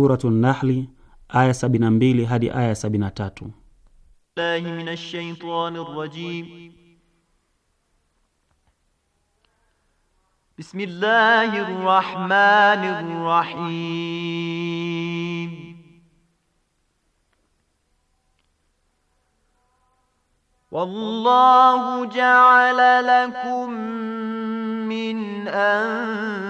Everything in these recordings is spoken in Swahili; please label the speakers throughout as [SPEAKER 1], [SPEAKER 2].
[SPEAKER 1] sura Nahli aya sabini na mbili hadi aya sabini na tatu.
[SPEAKER 2] Billahi minash rajim. Bismillahir Wallahu ja'ala lakum min an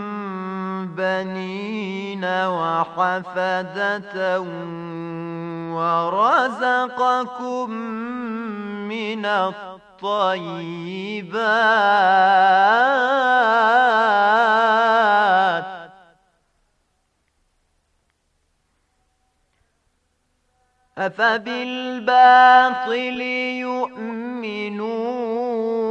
[SPEAKER 2] البنين وحفدة ورزقكم من الطيبات أفبالباطل يؤمنون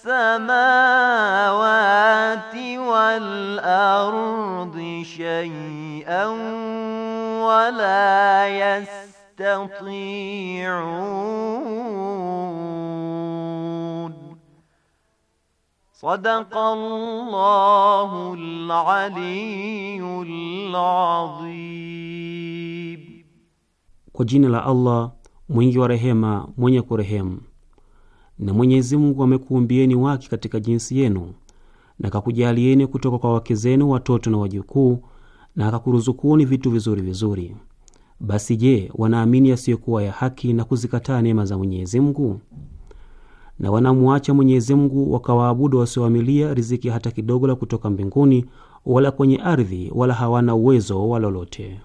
[SPEAKER 2] samawati wal ardi shay'an wa la yastati'un. Sadaqallahul aliyyul
[SPEAKER 1] adhim. Kwa jina la Allah mwingi wa rehema mwenye kurehemu. Na Mwenyezi Mungu amekuumbieni wa wake katika jinsi yenu na akakujalieni kutoka kwa wake zenu watoto na wajukuu na akakuruzukuni vitu vizuri vizuri. Basi je, wanaamini yasiyokuwa ya haki na kuzikataa neema za Mwenyezi Mungu? Na wanamuacha Mwenyezi Mungu wakawaabudu wasioamilia riziki hata kidogo la kutoka mbinguni wala kwenye ardhi wala hawana uwezo wa lolote.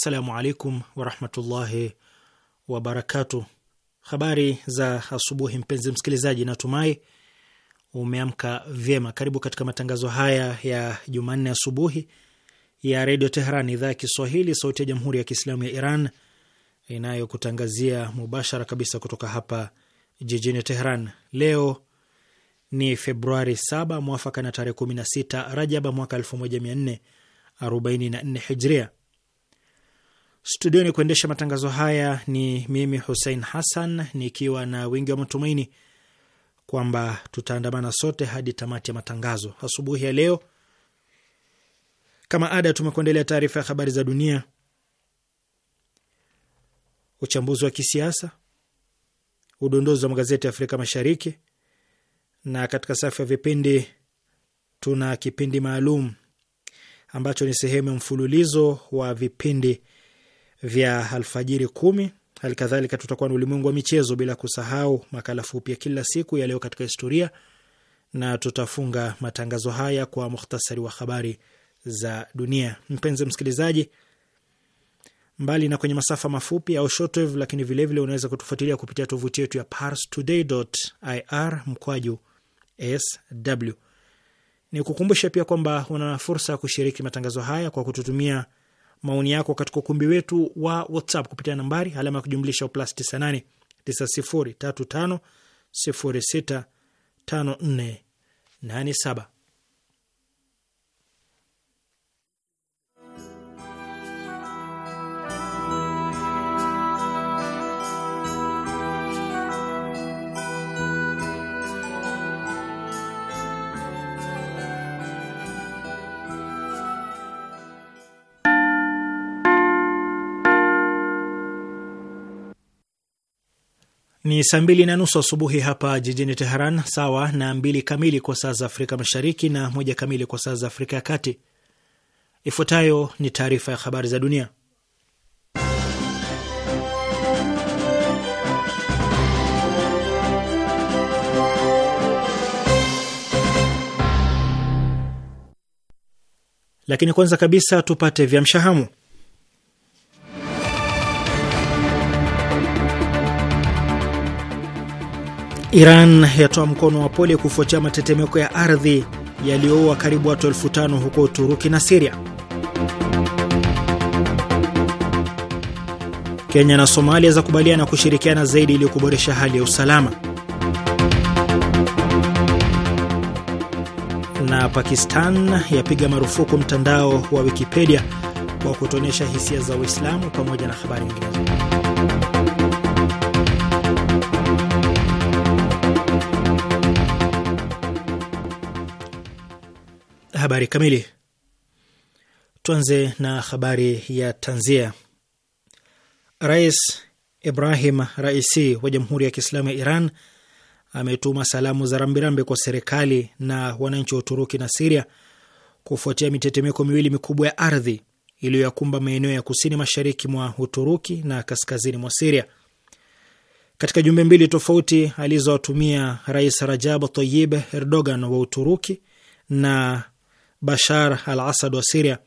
[SPEAKER 1] Assalamu alaikum warahmatullahi wabarakatu. Habari za asubuhi, mpenzi msikilizaji, natumai umeamka vyema. Karibu katika matangazo haya ya Jumanne asubuhi ya Redio Teheran, idhaa ya Kiswahili, sauti ya Jamhuri ya Kiislamu ya Iran inayokutangazia mubashara kabisa kutoka hapa jijini Tehran. Leo ni Februari 7 mwafaka na tarehe 16 Rajaba mwaka 1444 hijria. Studioni kuendesha matangazo haya ni mimi Hussein Hassan, nikiwa na wingi wa matumaini kwamba tutaandamana sote hadi tamati ya matangazo asubuhi ya leo. Kama ada, tumekuendelea taarifa ya habari za dunia, uchambuzi wa kisiasa, udondozi wa magazeti ya Afrika Mashariki, na katika safu ya vipindi tuna kipindi maalum ambacho ni sehemu ya mfululizo wa vipindi vya alfajiri kumi. Hali kadhalika tutakuwa na ulimwengu wa michezo, bila kusahau makala fupi ya kila siku ya leo katika historia, na tutafunga matangazo haya kwa muhtasari wa habari za dunia. Mpenzi msikilizaji, mbali na kwenye masafa mafupi au shortwave, lakini vilevile unaweza kutufuatilia kupitia tovuti yetu ya parstoday.ir mkwaju sw. Ni kukumbusha pia kwamba una fursa ya kushiriki matangazo haya kwa kututumia maoni yako katika ukumbi wetu wa WhatsApp kupitia nambari alama ya kujumlisha plus 98 9035065487. Ni saa mbili na nusu asubuhi hapa jijini Teheran, sawa na mbili kamili kwa saa za Afrika Mashariki na moja kamili kwa saa za Afrika ya Kati. Ifuatayo ni taarifa ya habari za dunia, lakini kwanza kabisa tupate vya mshahamu. Iran yatoa mkono wa pole kufuatia matetemeko ya ardhi yaliyoua karibu watu elfu tano huko Uturuki na Siria. Kenya na Somalia zakubaliana kushirikiana zaidi ili kuboresha hali ya usalama. Na Pakistan yapiga marufuku mtandao wa Wikipedia kwa kutoonyesha hisia za Uislamu pamoja na habari nyinginezo. habari kamili. Tuanze na habari ya tanzia. Rais Ibrahim Raisi wa Jamhuri ya Kiislamu ya Iran ametuma salamu za rambirambi kwa serikali na wananchi wa Uturuki na Siria kufuatia mitetemeko miwili mikubwa ya ardhi iliyoyakumba maeneo ya kusini mashariki mwa Uturuki na kaskazini mwa Siria. Katika jumbe mbili tofauti alizowatumia Rais Rajab tayib Erdogan wa Uturuki na Bashar al Asad wa Siria.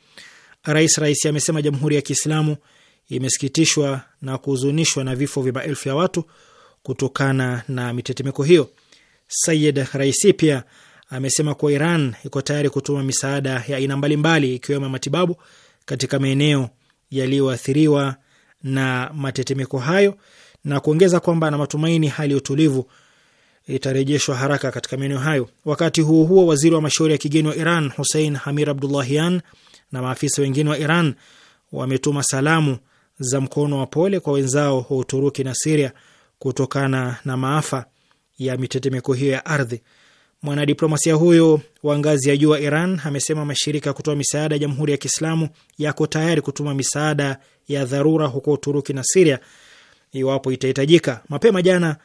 [SPEAKER 1] Rais Raisi amesema jamhuri ya Kiislamu imesikitishwa na kuhuzunishwa na vifo vya maelfu ya watu kutokana na mitetemeko hiyo. Sayid Raisi pia amesema kuwa Iran iko tayari kutuma misaada ya aina mbalimbali ikiwemo matibabu katika maeneo yaliyoathiriwa na matetemeko hayo na kuongeza kwamba ana matumaini hali ya utulivu itarejeshwa haraka katika maeneo hayo. Wakati huo huo, waziri wa mashauri ya kigeni wa Iran Hussein Hamir Abdullahian na maafisa wengine wa Iran wametuma salamu za mkono wa pole kwa wenzao wa Uturuki na Siria kutokana na maafa ya mitetemeko hiyo ya ardhi. Mwanadiplomasia huyo wa ngazi ya juu wa Iran amesema mashirika ya kutoa misaada ya Jamhuri ya Kiislamu yako tayari kutuma misaada ya dharura huko Uturuki na Siria iwapo itahitajika. Mapema jana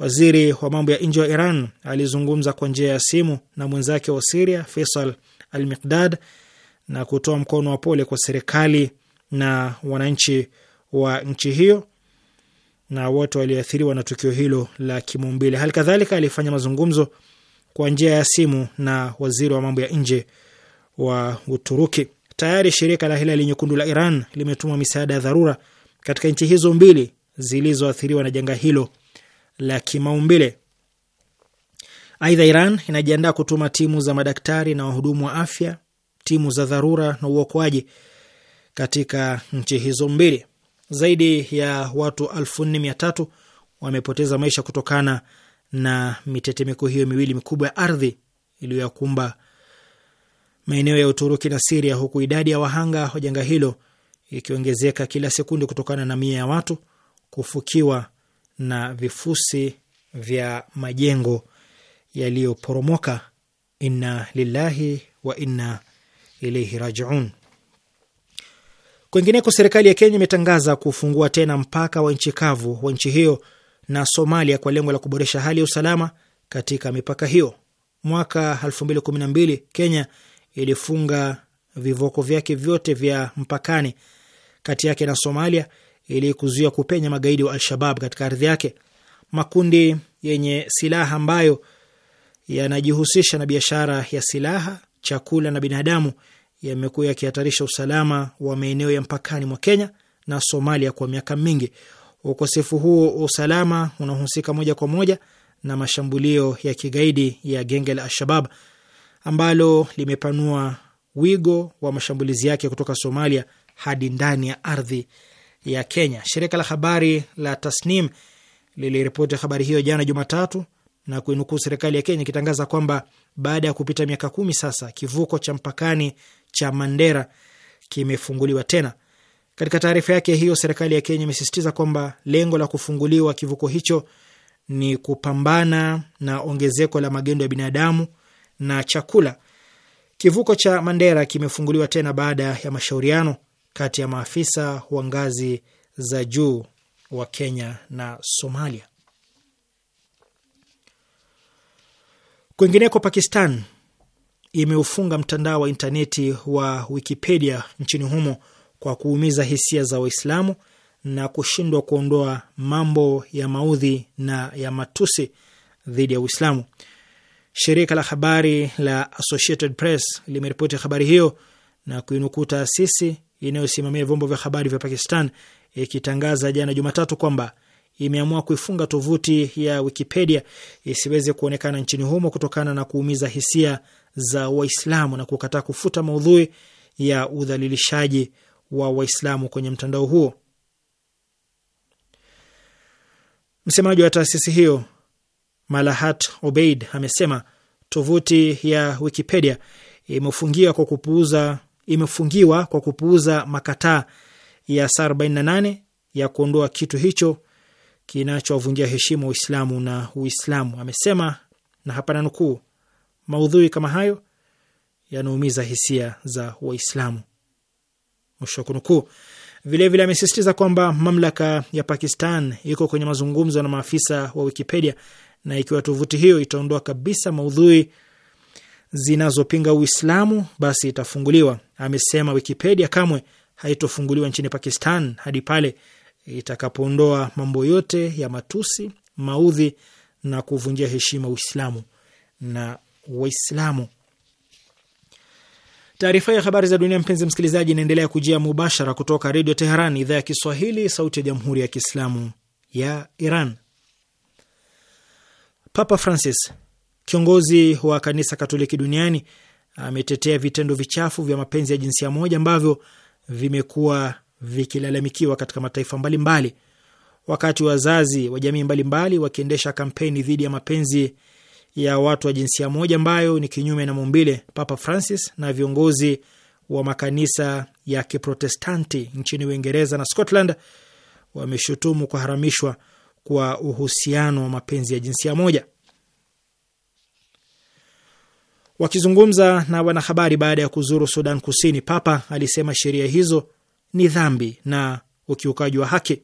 [SPEAKER 1] Waziri wa mambo ya nje wa Iran alizungumza kwa njia ya simu na mwenzake wa Siria Faisal Al Miqdad na kutoa mkono wa pole kwa serikali na wananchi wa nchi hiyo na wote walioathiriwa na tukio hilo la kimaumbile. Hali kadhalika alifanya mazungumzo kwa njia ya simu na waziri wa mambo ya nje wa Uturuki. Tayari shirika la Hilali Nyekundu la Iran limetuma misaada ya dharura katika nchi hizo mbili zilizoathiriwa na janga hilo la kimaumbile. Aidha, Iran inajiandaa kutuma timu za madaktari na wahudumu wa afya, timu za dharura na uokoaji katika nchi hizo mbili. Zaidi ya watu elfu nne mia tatu wamepoteza maisha kutokana na mitetemeko hiyo miwili mikubwa ya ardhi iliyoyakumba maeneo ya Uturuki na Siria, huku idadi ya wahanga wa janga hilo ikiongezeka kila sekundi kutokana na mia ya watu kufukiwa na vifusi vya majengo yaliyoporomoka. Inna lillahi wa inna ilaihi rajiun. Kwingineko, serikali ya Kenya imetangaza kufungua tena mpaka wa nchi kavu wa nchi hiyo na Somalia kwa lengo la kuboresha hali ya usalama katika mipaka hiyo. Mwaka 2012 Kenya ilifunga vivoko vyake vyote vya mpakani kati yake na Somalia ili kuzuia kupenya magaidi wa Al-Shabab katika ardhi yake. Makundi yenye silaha ambayo yanajihusisha na biashara ya silaha, chakula na binadamu yamekuwa yakihatarisha usalama wa maeneo ya mpakani mwa Kenya na Somalia kwa miaka mingi. Ukosefu huo wa usalama unahusika moja kwa moja na mashambulio ya kigaidi ya genge la Al-Shabab ambalo limepanua wigo wa mashambulizi yake kutoka Somalia hadi ndani ya ardhi ya Kenya. Shirika la habari la Tasnim liliripoti habari hiyo jana Jumatatu na kuinukuu serikali ya Kenya ikitangaza kwamba baada ya kupita miaka kumi sasa kivuko cha mpakani cha Mandera kimefunguliwa tena. Katika taarifa yake hiyo, serikali ya Kenya imesisitiza kwamba lengo la kufunguliwa kivuko hicho ni kupambana na ongezeko la magendo ya binadamu na chakula. Kivuko cha Mandera kimefunguliwa tena baada ya mashauriano kati ya maafisa wa ngazi za juu wa Kenya na Somalia. Kwingineko, Pakistan imeufunga mtandao wa intaneti wa Wikipedia nchini humo kwa kuumiza hisia za Waislamu na kushindwa kuondoa mambo ya maudhi na ya matusi dhidi ya Uislamu. Shirika la habari la Associated Press limeripoti habari hiyo na kuinukuu taasisi inayosimamia vyombo vya habari vya Pakistan ikitangaza jana Jumatatu kwamba imeamua kuifunga tovuti ya Wikipedia isiweze kuonekana nchini humo kutokana na kuumiza hisia za Waislamu na kukataa kufuta maudhui ya udhalilishaji wa Waislamu kwenye mtandao huo. Msemaji wa taasisi hiyo Malahat Obeid amesema tovuti ya Wikipedia imefungiwa kwa kupuuza imefungiwa kwa kupuuza makataa ya saa 48 ya kuondoa kitu hicho kinachovunjia heshima Uislamu na Uislamu. Amesema, na hapa nukuu, maudhui kama hayo yanaumiza hisia za Waislamu, mwisho wa kunukuu. Vilevile amesisitiza kwamba mamlaka ya Pakistan iko kwenye mazungumzo na maafisa wa Wikipedia na ikiwa tovuti hiyo itaondoa kabisa maudhui zinazopinga Uislamu basi itafunguliwa. Amesema Wikipedia kamwe haitofunguliwa nchini Pakistan hadi pale itakapoondoa mambo yote ya matusi, maudhi na kuvunjia heshima Uislamu na Waislamu. Taarifa ya habari za dunia, mpenzi msikilizaji, inaendelea kujia mubashara kutoka Redio Teheran, idhaa ya Kiswahili, sauti ya jamhuri ya kiislamu ya Iran. Papa Francis Kiongozi wa kanisa Katoliki duniani ametetea vitendo vichafu vya mapenzi ya jinsia moja ambavyo vimekuwa vikilalamikiwa katika mataifa mbalimbali mbali. Wakati wazazi wa jamii mbalimbali wakiendesha kampeni dhidi ya mapenzi ya watu wa jinsia moja ambayo ni kinyume na maumbile, Papa Francis na viongozi wa makanisa ya Kiprotestanti nchini Uingereza na Scotland wameshutumu kuharamishwa kwa uhusiano wa mapenzi ya jinsia moja. Wakizungumza na wanahabari baada ya kuzuru Sudan Kusini, Papa alisema sheria hizo ni dhambi na ukiukaji wa haki.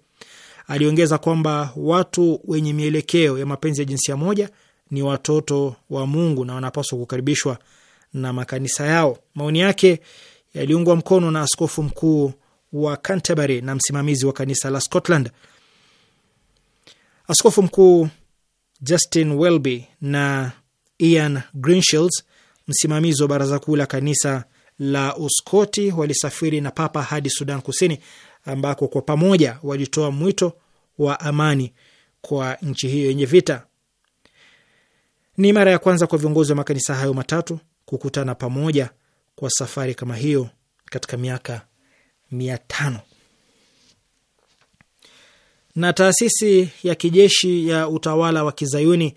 [SPEAKER 1] Aliongeza kwamba watu wenye mielekeo ya mapenzi ya jinsia moja ni watoto wa Mungu na wanapaswa kukaribishwa na makanisa yao. Maoni yake yaliungwa mkono na askofu mkuu wa Canterbury na msimamizi wa kanisa la Scotland, askofu mkuu Justin Welby na Ian Greenshields msimamizi wa baraza kuu la kanisa la Uskoti walisafiri na Papa hadi Sudan Kusini, ambako kwa pamoja walitoa mwito wa amani kwa nchi hiyo yenye vita. Ni mara ya kwanza kwa viongozi wa makanisa hayo matatu kukutana pamoja kwa safari kama hiyo katika miaka mia tano. Na taasisi ya kijeshi ya utawala wa kizayuni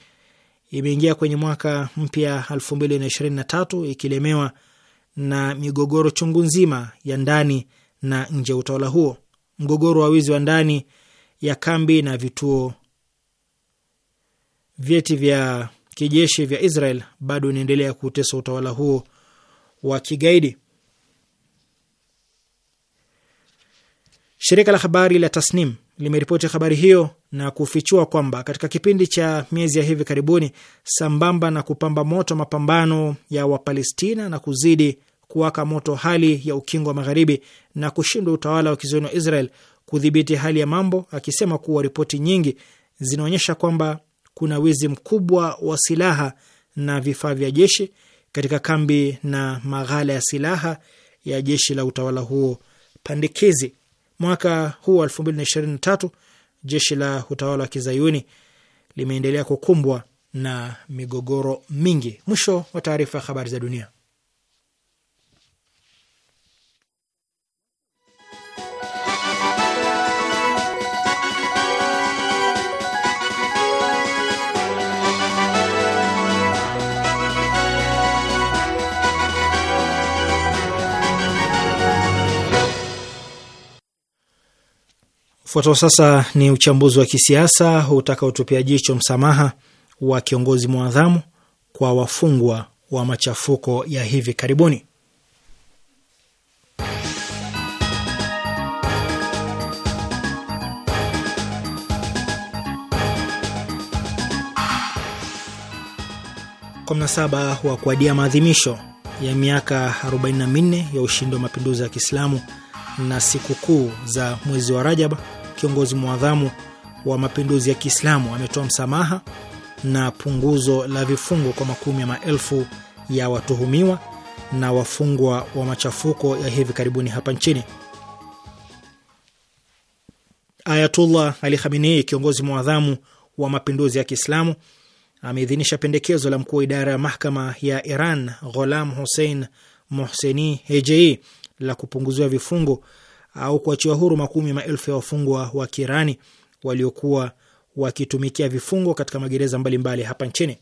[SPEAKER 1] imeingia kwenye mwaka mpya 2023 ikilemewa na migogoro chungu nzima ya ndani na nje ya utawala huo. Mgogoro wa wizi wa ndani ya kambi na vituo vyeti vya kijeshi vya Israel bado inaendelea kutesa utawala huo wa kigaidi. Shirika la habari la Tasnim limeripoti habari hiyo na kufichua kwamba katika kipindi cha miezi ya hivi karibuni, sambamba na kupamba moto mapambano ya Wapalestina na kuzidi kuwaka moto hali ya ukingo wa magharibi na kushindwa utawala wa kizayuni wa Israel kudhibiti hali ya mambo, akisema kuwa ripoti nyingi zinaonyesha kwamba kuna wizi mkubwa wa silaha na vifaa vya jeshi katika kambi na maghala ya silaha ya jeshi la utawala huo pandikizi. Mwaka huu wa tatu jeshi la utawala wa kizayuni limeendelea kukumbwa na migogoro mingi. Mwisho wa taarifa ya habari za dunia. Fuatao sasa ni uchambuzi wa kisiasa utakaotupia jicho msamaha wa kiongozi mwadhamu kwa wafungwa wa machafuko ya hivi karibuni. Kwa mnasaba wa kuadia maadhimisho ya miaka 44 ya ushindi wa mapinduzi ya Kiislamu na sikukuu za mwezi wa Rajab kiongozi mwadhamu wa mapinduzi ya Kiislamu ametoa msamaha na punguzo la vifungo kwa makumi ya maelfu ya watuhumiwa na wafungwa wa machafuko ya hivi karibuni hapa nchini. Ayatullah Ali Khamenei, kiongozi mwadhamu wa mapinduzi ya Kiislamu, ameidhinisha pendekezo la mkuu wa idara ya mahakama ya Iran Gholam Hussein Mohseni Hejei la kupunguziwa vifungo au kuachiwa huru makumi maelfu ya wafungwa wa Kirani waliokuwa wakitumikia vifungo katika magereza mbalimbali mbali hapa nchini.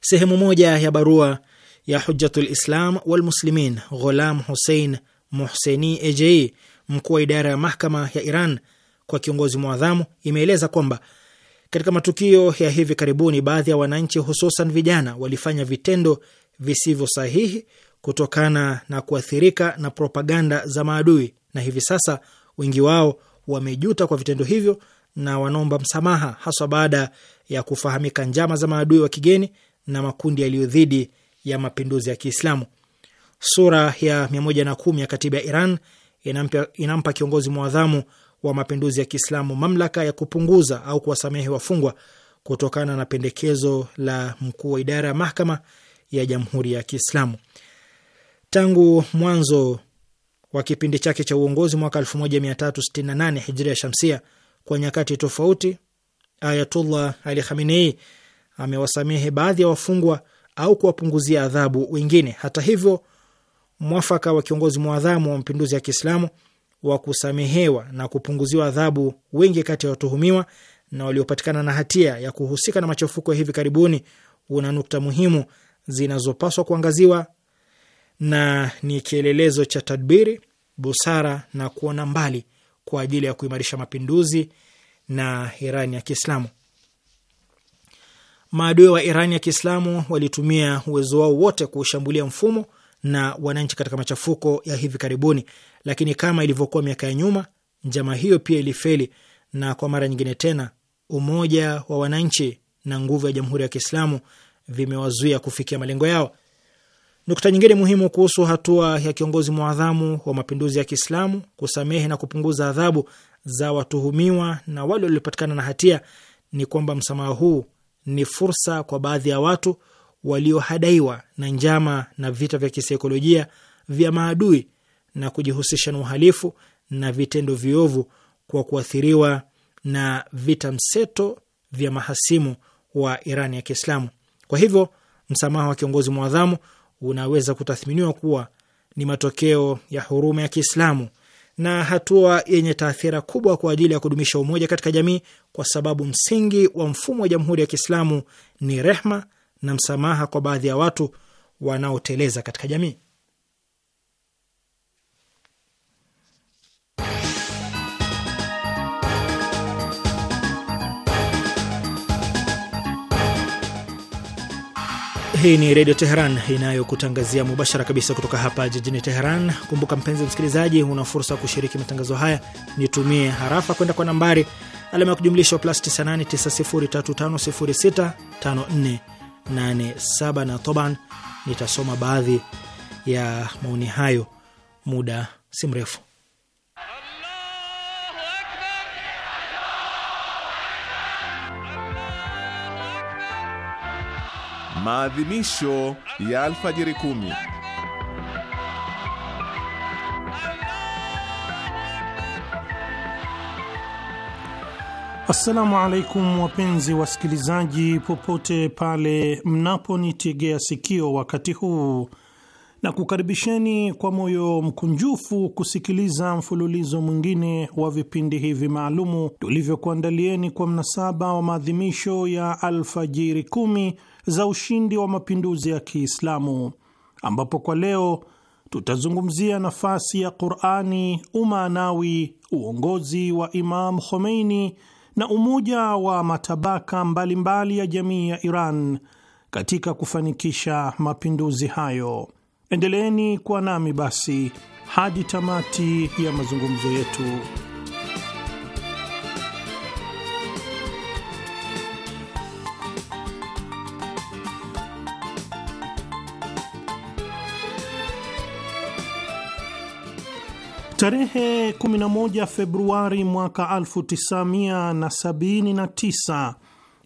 [SPEAKER 1] Sehemu moja ya barua ya Hujjatul Islam wal Muslimin Ghulam Hussein Muhseni Ejei, mkuu wa idara ya mahkama ya Iran kwa kiongozi mwadhamu, imeeleza kwamba katika matukio ya hivi karibuni, baadhi ya wananchi, hususan vijana, walifanya vitendo visivyo sahihi kutokana na kuathirika na propaganda za maadui, na hivi sasa wengi wao wamejuta kwa vitendo hivyo na wanaomba msamaha, haswa baada ya kufahamika njama za maadui wa kigeni na makundi yaliyo dhidi ya mapinduzi ya Kiislamu. Sura ya 110 ya katiba ya Iran inampa, inampa kiongozi mwadhamu wa mapinduzi ya Kiislamu mamlaka ya kupunguza au kuwasamehe wafungwa kutokana na pendekezo la mkuu wa idara ya mahakama ya Jamhuri ya Kiislamu. Tangu mwanzo wa kipindi chake cha uongozi mwaka 1368 hijria shamsia, kwa nyakati tofauti, Ayatullah Ali Khamenei amewasamehe baadhi ya wafungwa au kuwapunguzia adhabu wengine. Hata hivyo, mwafaka wa kiongozi mwadhamu wa mapinduzi ya Kiislamu wa kusamehewa na kupunguziwa adhabu wengi kati ya watuhumiwa na waliopatikana na hatia ya kuhusika na machafuko ya hivi karibuni una nukta muhimu zinazopaswa kuangaziwa na ni kielelezo cha tadbiri, busara na kuona mbali kwa ajili ya kuimarisha mapinduzi na Irani ya Kiislamu. Maadui wa Irani ya Kiislamu walitumia uwezo wao wote kuushambulia mfumo na wananchi katika machafuko ya hivi karibuni, lakini kama ilivyokuwa miaka ya nyuma, njama hiyo pia ilifeli, na kwa mara nyingine tena umoja wa wananchi na nguvu ya Jamhuri ya Kiislamu vimewazuia kufikia malengo yao. Nukta nyingine muhimu kuhusu hatua ya kiongozi mwadhamu wa mapinduzi ya Kiislamu kusamehe na kupunguza adhabu za watuhumiwa na wale waliopatikana na hatia ni kwamba msamaha huu ni fursa kwa baadhi ya watu waliohadaiwa na njama na vita vya kisaikolojia vya maadui na kujihusisha na uhalifu na vitendo viovu kwa kuathiriwa na vita mseto vya mahasimu wa Irani ya Kiislamu. Kwa hivyo msamaha wa kiongozi mwadhamu unaweza kutathminiwa kuwa ni matokeo ya huruma ya Kiislamu na hatua yenye taathira kubwa kwa ajili ya kudumisha umoja katika jamii, kwa sababu msingi wa mfumo wa Jamhuri ya Kiislamu ni rehma na msamaha kwa baadhi ya watu wanaoteleza katika jamii. Hii ni Redio Teheran inayokutangazia mubashara kabisa kutoka hapa jijini Teheran. Kumbuka mpenzi msikilizaji, una fursa ya kushiriki matangazo haya, nitumie harafa kwenda kwa nambari alama ya kujumlisha plus 989035065487 na toban. Nitasoma baadhi ya maoni hayo muda si mrefu.
[SPEAKER 3] Maadhimisho ya alfajiri kumi. Assalamu alaikum wapenzi wasikilizaji, popote pale mnaponitegea sikio wakati huu, na kukaribisheni kwa moyo mkunjufu kusikiliza mfululizo mwingine wa vipindi hivi maalumu tulivyokuandalieni kwa mnasaba wa maadhimisho ya alfajiri kumi za ushindi wa mapinduzi ya Kiislamu, ambapo kwa leo tutazungumzia nafasi ya Qur'ani, umaanawi, uongozi wa Imam Khomeini na umoja wa matabaka mbalimbali mbali ya jamii ya Iran katika kufanikisha mapinduzi hayo. Endeleeni kuwa nami basi hadi tamati ya mazungumzo yetu. Tarehe 11 Februari mwaka 1979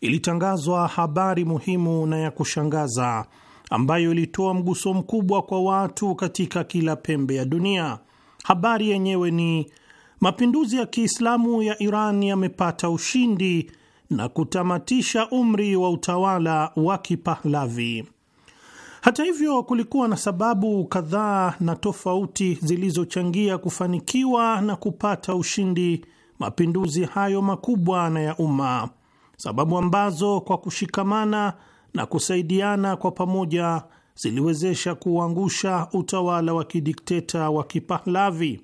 [SPEAKER 3] ilitangazwa habari muhimu na ya kushangaza ambayo ilitoa mguso mkubwa kwa watu katika kila pembe ya dunia. Habari yenyewe ni mapinduzi ya Kiislamu ya Iran yamepata ushindi na kutamatisha umri wa utawala wa Kipahlavi. Hata hivyo, kulikuwa na sababu kadhaa na tofauti zilizochangia kufanikiwa na kupata ushindi mapinduzi hayo makubwa na ya umma, sababu ambazo kwa kushikamana na kusaidiana kwa pamoja ziliwezesha kuangusha utawala wa kidikteta wa Kipahlavi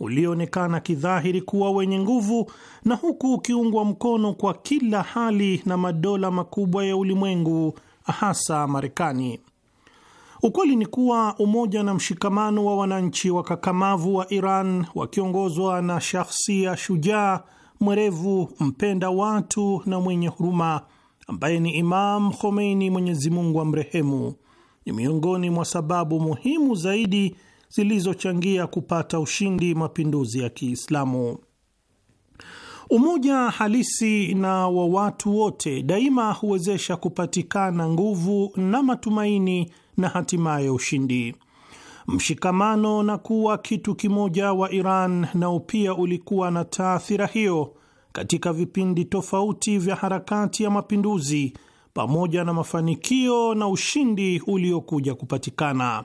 [SPEAKER 3] ulioonekana kidhahiri kuwa wenye nguvu na huku ukiungwa mkono kwa kila hali na madola makubwa ya ulimwengu hasa Marekani. Ukweli ni kuwa umoja na mshikamano wa wananchi wakakamavu wa Iran wakiongozwa na shahsia shujaa, mwerevu, mpenda watu na mwenye huruma ambaye ni Imam Khomeini, Mwenyezi Mungu amrehemu, ni miongoni mwa sababu muhimu zaidi zilizochangia kupata ushindi mapinduzi ya Kiislamu. Umoja halisi na wa watu wote daima huwezesha kupatikana nguvu na matumaini na hatimaye ushindi. Mshikamano na kuwa kitu kimoja wa Iran nao pia ulikuwa na taathira hiyo katika vipindi tofauti vya harakati ya mapinduzi, pamoja na mafanikio na ushindi uliokuja kupatikana.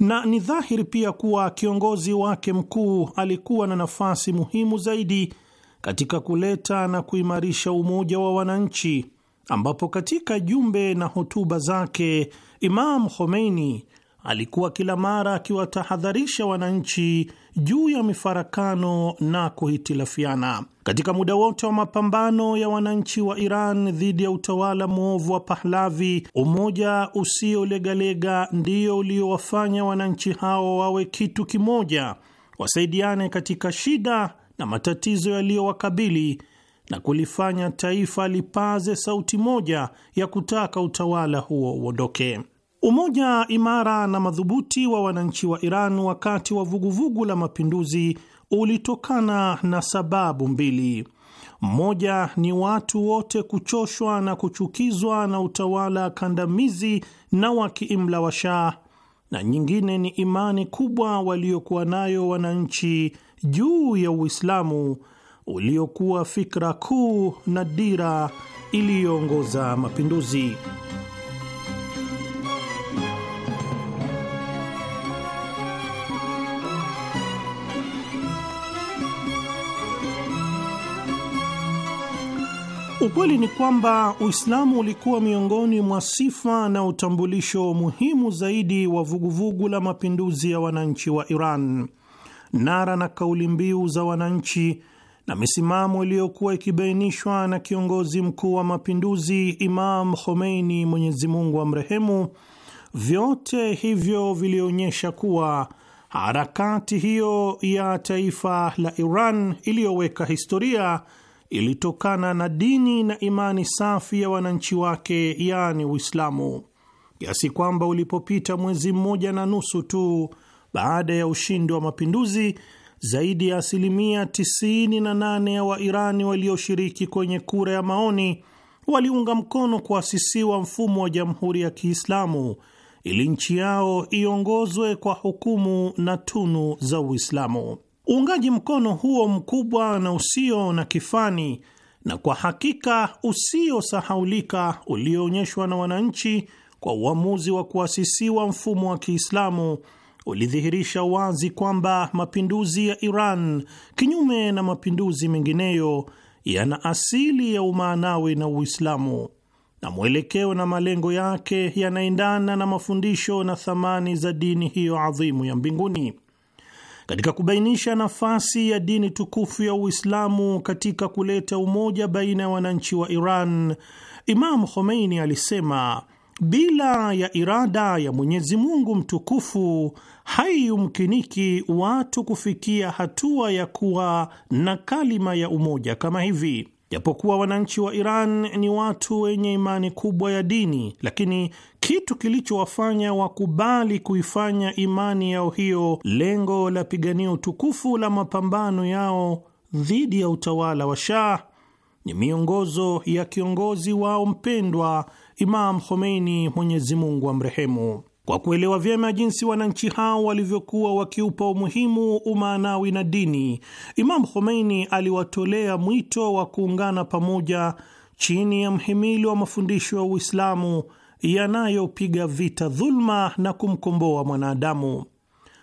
[SPEAKER 3] Na ni dhahiri pia kuwa kiongozi wake mkuu alikuwa na nafasi muhimu zaidi katika kuleta na kuimarisha umoja wa wananchi ambapo katika jumbe na hotuba zake Imam Khomeini alikuwa kila mara akiwatahadharisha wananchi juu ya mifarakano na kuhitilafiana. Katika muda wote wa mapambano ya wananchi wa Iran dhidi ya utawala mwovu wa Pahlavi, umoja usiolegalega ndio uliowafanya wananchi hao wawe kitu kimoja, wasaidiane katika shida na matatizo yaliyowakabili na kulifanya taifa lipaze sauti moja ya kutaka utawala huo uondoke. Umoja imara na madhubuti wa wananchi wa Iran wakati wa vuguvugu la mapinduzi ulitokana na sababu mbili. Moja ni watu wote kuchoshwa na kuchukizwa na utawala kandamizi na wa kiimla wa Shah, na nyingine ni imani kubwa waliokuwa nayo wananchi juu ya Uislamu uliokuwa fikra kuu na dira iliyoongoza mapinduzi. Ukweli ni kwamba Uislamu ulikuwa miongoni mwa sifa na utambulisho muhimu zaidi wa vuguvugu la mapinduzi ya wananchi wa Iran. Nara na kauli mbiu za wananchi na misimamo iliyokuwa ikibainishwa na kiongozi mkuu wa mapinduzi Imam Khomeini, Mwenyezi Mungu amrehemu, vyote hivyo vilionyesha kuwa harakati hiyo ya taifa la Iran iliyoweka historia ilitokana na dini na imani safi ya wananchi wake, yaani Uislamu, kiasi kwamba ulipopita mwezi mmoja na nusu tu baada ya ushindi wa mapinduzi zaidi ya asilimia 98 ya Wairani walioshiriki kwenye kura ya maoni waliunga mkono kuasisiwa mfumo wa Jamhuri ya Kiislamu ili nchi yao iongozwe kwa hukumu na tunu za Uislamu. Uungaji mkono huo mkubwa na usio na kifani na kwa hakika usiosahaulika ulioonyeshwa na wananchi kwa uamuzi wa kuasisiwa mfumo wa Kiislamu ulidhihirisha wazi kwamba mapinduzi ya Iran, kinyume na mapinduzi mengineyo, yana asili ya umaanawi na Uislamu na mwelekeo na malengo yake yanaendana na mafundisho na thamani za dini hiyo adhimu ya mbinguni. Katika kubainisha nafasi ya dini tukufu ya Uislamu katika kuleta umoja baina ya wananchi wa Iran, Imam Khomeini alisema: bila ya irada ya Mwenyezi Mungu mtukufu haiyumkiniki watu kufikia hatua ya kuwa na kalima ya umoja kama hivi. Japokuwa wananchi wa Iran ni watu wenye imani kubwa ya dini, lakini kitu kilichowafanya wakubali kuifanya imani yao hiyo lengo la pigania tukufu la mapambano yao dhidi ya utawala wa Shah ni miongozo ya kiongozi wao mpendwa Imam Khomeini, Mwenyezi Mungu amrehemu, kwa kuelewa vyema jinsi wananchi hao walivyokuwa wakiupa umuhimu umaanawi na dini, Imam Khomeini aliwatolea mwito wa kuungana pamoja chini ya mhimili wa mafundisho ya Uislamu yanayopiga vita dhulma na kumkomboa mwanadamu.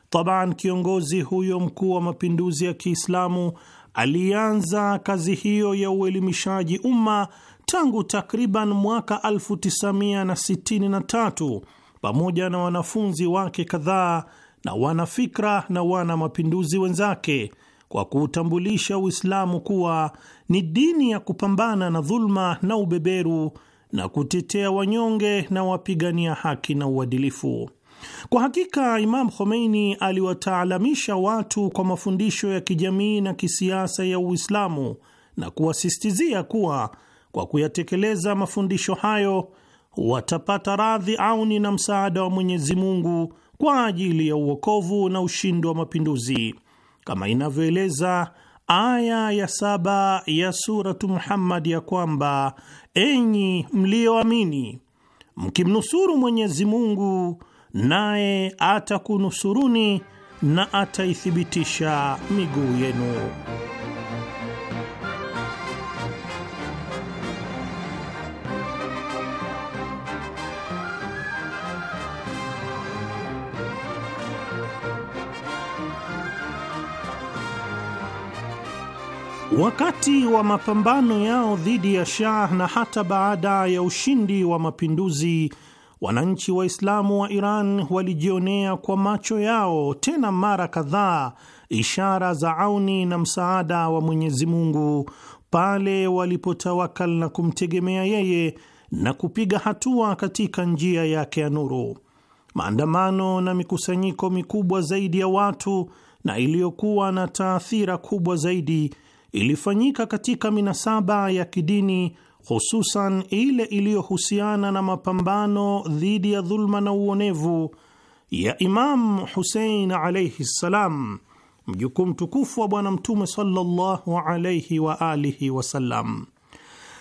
[SPEAKER 3] Taban, kiongozi huyo mkuu wa mapinduzi ya Kiislamu alianza kazi hiyo ya uelimishaji umma tangu takriban mwaka 1963 pamoja na wanafunzi wake kadhaa na wanafikra na wana mapinduzi wenzake kwa kuutambulisha Uislamu kuwa ni dini ya kupambana na dhulma na ubeberu na kutetea wanyonge na wapigania haki na uadilifu. Kwa hakika Imam Khomeini aliwataalamisha watu kwa mafundisho ya kijamii na kisiasa ya Uislamu na kuwasistizia kuwa kwa kuyatekeleza mafundisho hayo watapata radhi, auni na msaada wa Mwenyezi Mungu kwa ajili ya uokovu na ushindi wa mapinduzi, kama inavyoeleza aya ya saba ya Suratu Muhammad ya kwamba, enyi mliyoamini, mkimnusuru Mwenyezi Mungu naye atakunusuruni na ataithibitisha miguu yenu. Wakati wa mapambano yao dhidi ya Shah na hata baada ya ushindi wa mapinduzi, wananchi Waislamu wa Iran walijionea kwa macho yao, tena mara kadhaa, ishara za auni na msaada wa Mwenyezi Mungu pale walipotawakal na kumtegemea yeye na kupiga hatua katika njia yake ya nuru. Maandamano na mikusanyiko mikubwa zaidi ya watu na iliyokuwa na taathira kubwa zaidi ilifanyika katika minasaba ya kidini, hususan ile iliyohusiana na mapambano dhidi ya dhulma na uonevu ya Imam Husein alaihi ssalam, mjukuu mtukufu wa Bwana Mtume sallallahu alaihi wa alihi wasallam.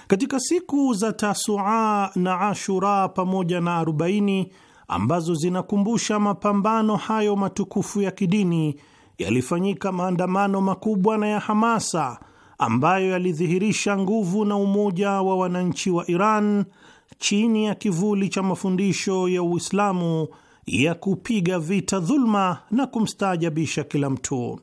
[SPEAKER 3] Katika siku za Tasua na Ashura pamoja na Arobaini ambazo zinakumbusha mapambano hayo matukufu ya kidini yalifanyika maandamano makubwa na ya hamasa ambayo yalidhihirisha nguvu na umoja wa wananchi wa Iran chini ya kivuli cha mafundisho ya Uislamu ya kupiga vita dhulma na kumstaajabisha kila mtu.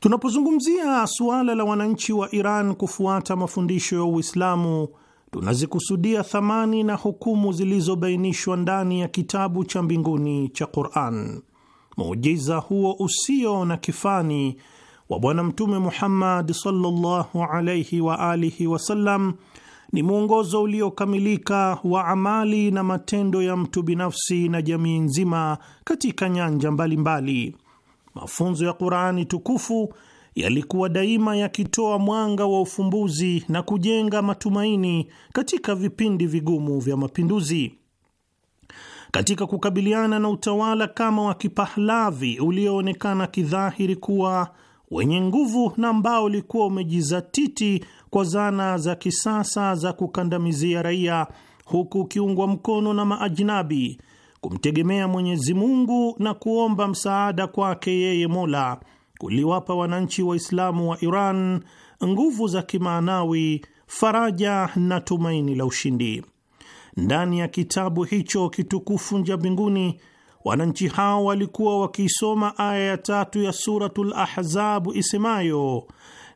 [SPEAKER 3] Tunapozungumzia suala la wananchi wa Iran kufuata mafundisho ya Uislamu, tunazikusudia thamani na hukumu zilizobainishwa ndani ya kitabu cha mbinguni cha Quran muujiza huo usio na kifani wa Bwana Mtume Muhammad sallallahu alayhi wa alihi wasallam ni mwongozo uliokamilika wa amali na matendo ya mtu binafsi na jamii nzima katika nyanja mbalimbali Mafunzo ya Qur'ani tukufu yalikuwa daima yakitoa mwanga wa ufumbuzi na kujenga matumaini katika vipindi vigumu vya mapinduzi katika kukabiliana na utawala kama wa Kipahlavi ulioonekana kidhahiri kuwa wenye nguvu na ambao ulikuwa umejizatiti kwa zana za kisasa za kukandamizia raia, huku ukiungwa mkono na maajnabi, kumtegemea Mwenyezi Mungu na kuomba msaada kwake yeye Mola kuliwapa wananchi Waislamu wa Iran nguvu za kimaanawi, faraja na tumaini la ushindi ndani ya kitabu hicho kitukufu nja mbinguni, wananchi hao walikuwa wakiisoma aya ya tatu ya Suratul Ahzabu isemayo,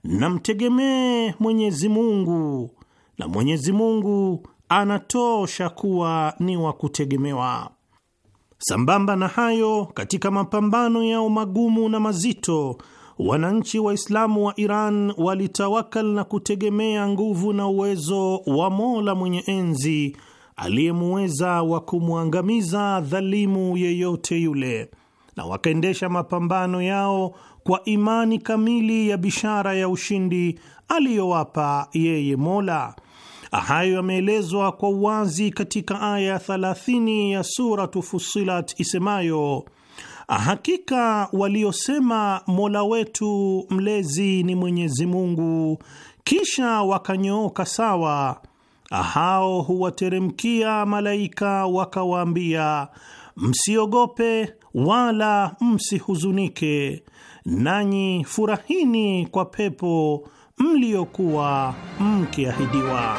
[SPEAKER 3] namtegemee Mwenyezi Mungu na Mwenyezi Mungu anatosha kuwa ni wa kutegemewa. Sambamba na hayo, katika mapambano yao magumu na mazito, wananchi Waislamu wa Iran walitawakal na kutegemea nguvu na uwezo wa Mola mwenye enzi aliyemuweza wa kumwangamiza dhalimu yeyote yule, na wakaendesha mapambano yao kwa imani kamili ya bishara ya ushindi aliyowapa yeye Mola. Hayo yameelezwa kwa uwazi katika aya 30 ya Suratu Fusilat isemayo, hakika waliosema Mola wetu mlezi ni Mwenyezi Mungu, kisha wakanyooka sawa hao huwateremkia malaika wakawaambia, msiogope wala msihuzunike, nanyi furahini kwa pepo mliokuwa mkiahidiwa.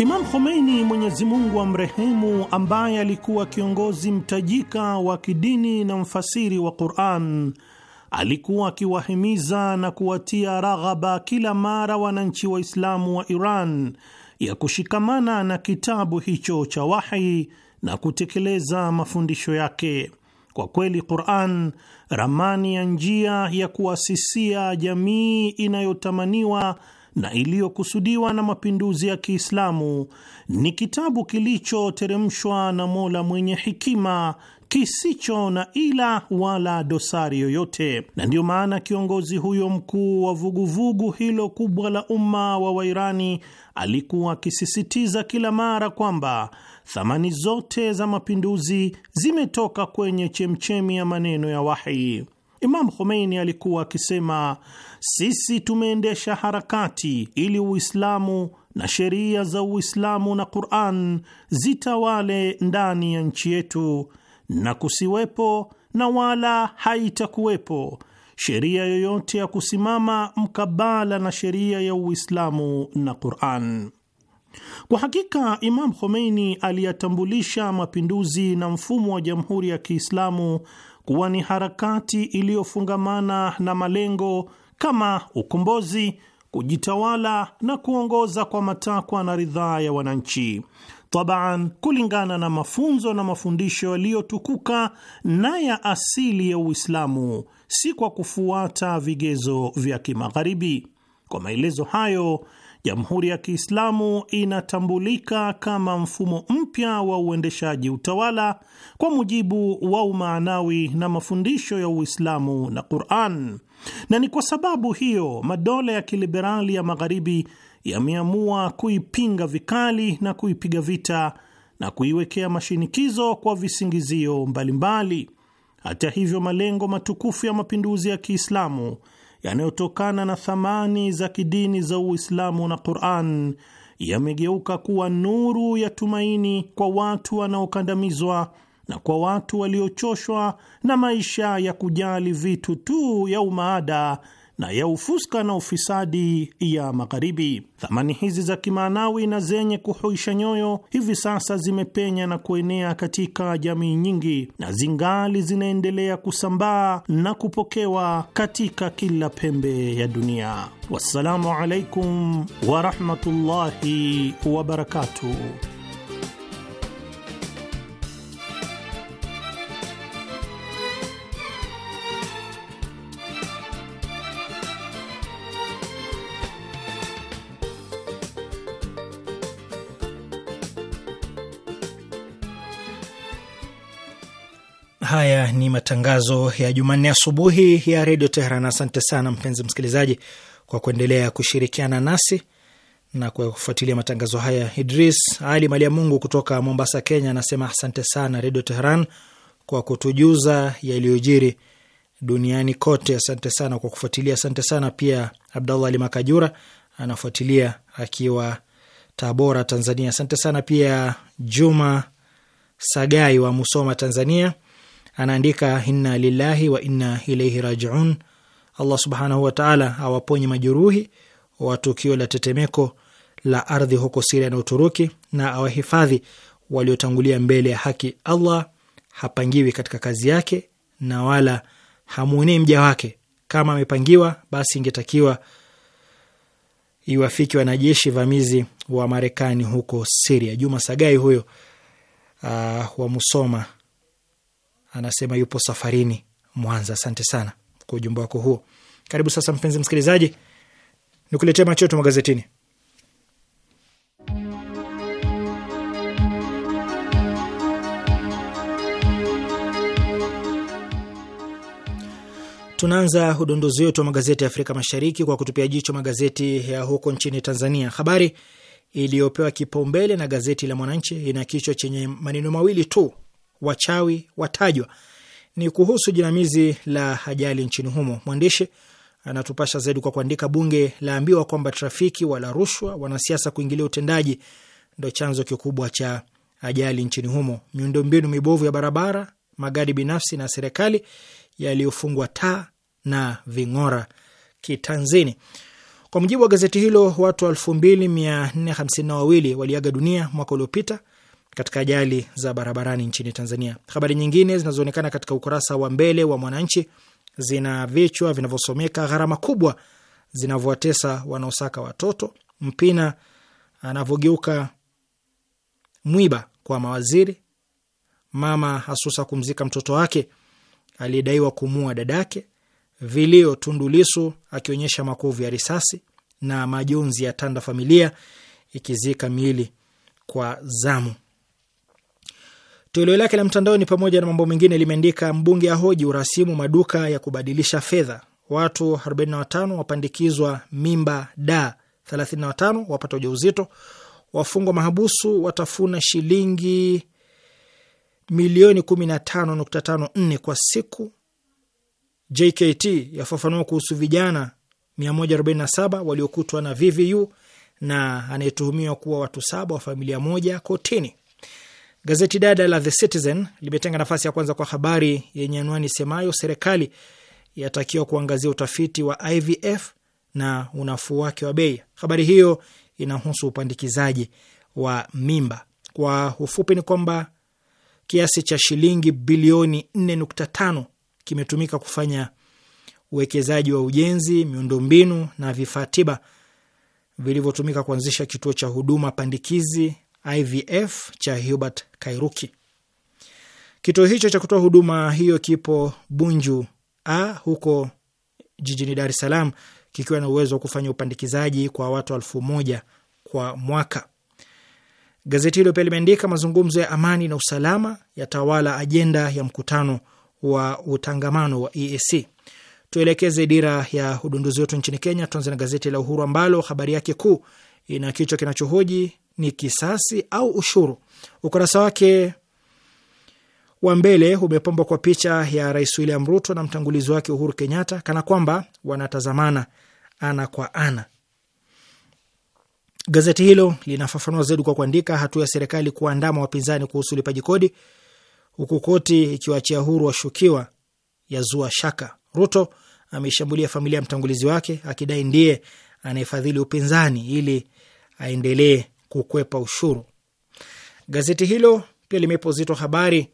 [SPEAKER 3] Imam Khomeini, Mwenyezi Mungu amrehemu, ambaye alikuwa kiongozi mtajika wa kidini na mfasiri wa Qur'an, alikuwa akiwahimiza na kuwatia raghaba kila mara wananchi Waislamu wa Iran ya kushikamana na kitabu hicho cha wahi na kutekeleza mafundisho yake. Kwa kweli Qur'an, ramani ya njia ya kuasisia jamii inayotamaniwa na iliyokusudiwa na mapinduzi ya Kiislamu ni kitabu kilichoteremshwa na Mola mwenye hikima kisicho na ila wala dosari yoyote, na ndiyo maana kiongozi huyo mkuu wa vuguvugu hilo kubwa la umma wa Wairani alikuwa akisisitiza kila mara kwamba thamani zote za mapinduzi zimetoka kwenye chemchemi ya maneno ya wahi. Imam Khomeini alikuwa akisema, sisi tumeendesha harakati ili Uislamu na sheria za Uislamu na Quran zitawale ndani ya nchi yetu na kusiwepo na wala haitakuwepo sheria yoyote ya kusimama mkabala na sheria ya Uislamu na Quran. Kwa hakika Imam Khomeini aliyatambulisha mapinduzi na mfumo wa Jamhuri ya Kiislamu kuwa ni harakati iliyofungamana na malengo kama ukombozi, kujitawala na kuongoza kwa matakwa na ridhaa ya wananchi Taban, kulingana na mafunzo na mafundisho yaliyotukuka na ya asili ya Uislamu, si kwa kufuata vigezo vya Kimagharibi. Kwa maelezo hayo Jamhuri ya Kiislamu inatambulika kama mfumo mpya wa uendeshaji utawala kwa mujibu wa umaanawi na mafundisho ya Uislamu na Quran, na ni kwa sababu hiyo madola ya kiliberali ya Magharibi yameamua kuipinga vikali na kuipiga vita na kuiwekea mashinikizo kwa visingizio mbalimbali Hata hivyo, malengo matukufu ya mapinduzi ya Kiislamu yanayotokana na thamani za kidini za Uislamu na Quran yamegeuka kuwa nuru ya tumaini kwa watu wanaokandamizwa na kwa watu waliochoshwa na maisha ya kujali vitu tu ya umaada na ya ufuska na ufisadi ya Magharibi. Thamani hizi za kimaanawi na zenye kuhuisha nyoyo hivi sasa zimepenya na kuenea katika jamii nyingi na zingali zinaendelea kusambaa na kupokewa katika kila pembe ya dunia. Wassalamu alaikum warahmatullahi wabarakatuh.
[SPEAKER 1] Haya ni matangazo ya Jumanne asubuhi ya redio Teheran. Asante sana mpenzi msikilizaji kwa kuendelea kushirikiana nasi na kwa kufuatilia matangazo haya. Idris Ali Malia Mungu kutoka Mombasa, Kenya, anasema asante sana redio Teheran kwa kutujuza yaliyojiri duniani kote. Asante sana kwa kufuatilia, asante sana pia. Abdallah Ali Makajura anafuatilia akiwa Tabora, Tanzania. Asante sana pia Juma Sagai wa Musoma, Tanzania. Anaandika, inna lillahi wa inna ilaihi rajiun. Allah subhanahu wataala awaponye majeruhi wa tukio la tetemeko la ardhi huko Siria na Uturuki na awahifadhi waliotangulia mbele ya haki. Allah hapangiwi katika kazi yake na wala hamwonei mja wake. Kama amepangiwa, basi ingetakiwa iwafiki wanajeshi vamizi wa Marekani huko Siria. Juma Sagai huyo, uh, wa Musoma anasema yupo safarini Mwanza. Asante sana kwa ujumbe wako huo. Karibu sasa, mpenzi msikilizaji, nikuletee macho yetu magazetini. Tunaanza udondozi wetu wa magazeti ya Afrika Mashariki kwa kutupia jicho magazeti ya huko nchini Tanzania. Habari iliyopewa kipaumbele na gazeti la Mwananchi ina kichwa chenye maneno mawili tu, wachawi watajwa, ni kuhusu jinamizi la ajali nchini humo. Mwandishi anatupasha zaidi kwa kuandika, bunge laambiwa kwamba trafiki wala rushwa, wanasiasa kuingilia utendaji ndo chanzo kikubwa cha ajali nchini humo. Miundombinu mibovu ya barabara, magari binafsi na serikali yaliyofungwa taa na ving'ora kitanzini. Kwa mujibu wa gazeti hilo, watu elfu mbili mia nne hamsini na wawili waliaga dunia mwaka uliopita katika ajali za barabarani nchini Tanzania. Habari nyingine zinazoonekana katika ukurasa wa mbele wa Mwananchi zina vichwa vinavyosomeka gharama kubwa zinavyowatesa wanaosaka watoto, Mpina anavyogeuka mwiba kwa mawaziri, mama hasusa kumzika mtoto wake aliyedaiwa kumua dadake, vilio Tundulisu akionyesha makovu ya risasi, na majonzi ya tanda familia ikizika miili kwa zamu. Toleo lake la mtandaoni, pamoja na mambo mengine, limeandika mbunge ahoji urasimu maduka ya kubadilisha fedha, watu 45 wapandikizwa mimba da, 35 wapata ujauzito, wafungwa mahabusu watafuna shilingi milioni 15.54 kwa siku. JKT yafafanua kuhusu vijana 147 waliokutwa na VVU na anayetuhumiwa kuwa watu saba wa familia moja kotini. Gazeti dada la The Citizen limetenga nafasi ya kwanza kwa habari yenye anwani semayo serikali yatakiwa kuangazia utafiti wa IVF na unafuu wake wa bei. Habari hiyo inahusu upandikizaji wa mimba. Kwa ufupi, ni kwamba kiasi cha shilingi bilioni 4.5 kimetumika kufanya uwekezaji wa ujenzi, miundombinu na vifaa tiba vilivyotumika kuanzisha kituo cha huduma pandikizi IVF cha Hubert Kairuki. Kituo hicho cha kutoa huduma hiyo kipo Bunju A huko jijini Dar es Salaam, kikiwa na uwezo wa kufanya upandikizaji kwa watu elfu moja kwa mwaka. Gazeti hilo pia limeandika mazungumzo ya amani na usalama yatawala ajenda ya mkutano wa utangamano wa EAC. Tuelekeze dira ya udunduzi wetu nchini Kenya. Tuanze na gazeti la Uhuru ambalo habari yake kuu ina kichwa kinachohoji ni kisasi au ushuru. Ukurasa wake wa mbele umepambwa kwa picha ya Rais William Ruto na mtangulizi wake Uhuru Kenyatta, kana kwamba wanatazamana ana kwa ana. Gazeti hilo linafafanua zaidi kwa kuandika, hatua ya serikali kuandama wapinzani kuhusu ulipaji kodi, huku koti ikiwaachia huru washukiwa zua shaka. Ruto ameshambulia familia ya mtangulizi wake akidai ndiye anayefadhili upinzani ili aendelee kukwepa ushuru. Gazeti hilo pia limepo zito habari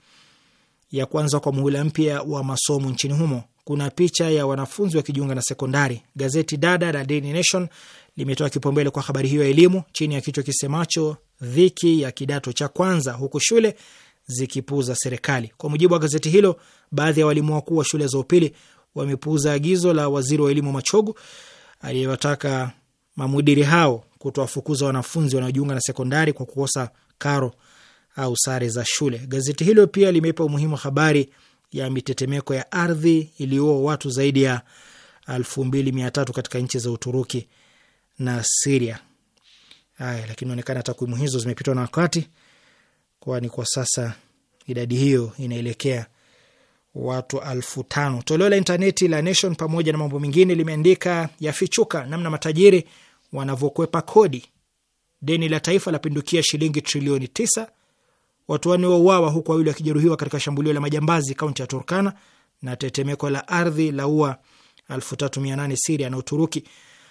[SPEAKER 1] ya kuanza kwa muhula mpya wa masomo nchini humo. Kuna picha ya wanafunzi wakijiunga na sekondari. Gazeti dada la Daily Nation limetoa kipaumbele kwa habari hiyo ya elimu chini ya kichwa kisemacho dhiki ya kidato cha kwanza, huku shule zikipuuza serikali. Kwa mujibu wa gazeti hilo, baadhi ya walimu wakuu wa shule za upili wamepuuza agizo la waziri wa elimu Machogu aliyewataka mamudiri hao kutowafukuza wanafunzi wanaojiunga na sekondari kwa kukosa karo au sare za shule. Gazeti hilo pia limeipa umuhimu habari ya mitetemeko ya ardhi iliyoua watu zaidi ya elfu mbili mia tatu katika nchi za Uturuki na Siria. Aya, lakini inaonekana takwimu hizo zimepitwa na wakati, kwani kwa sasa idadi hiyo inaelekea watu elfu tano. Toleo la intaneti la Nation pamoja na mambo mengine limeandika yafichuka namna matajiri wanavyokwepa kodi. Deni la taifa lapindukia shilingi trilioni tisa. Watu wanne wauawa huku wawili wakijeruhiwa katika shambulio la majambazi kaunti ya Turkana, na tetemeko la ardhi la ua 3800 Siria na Uturuki.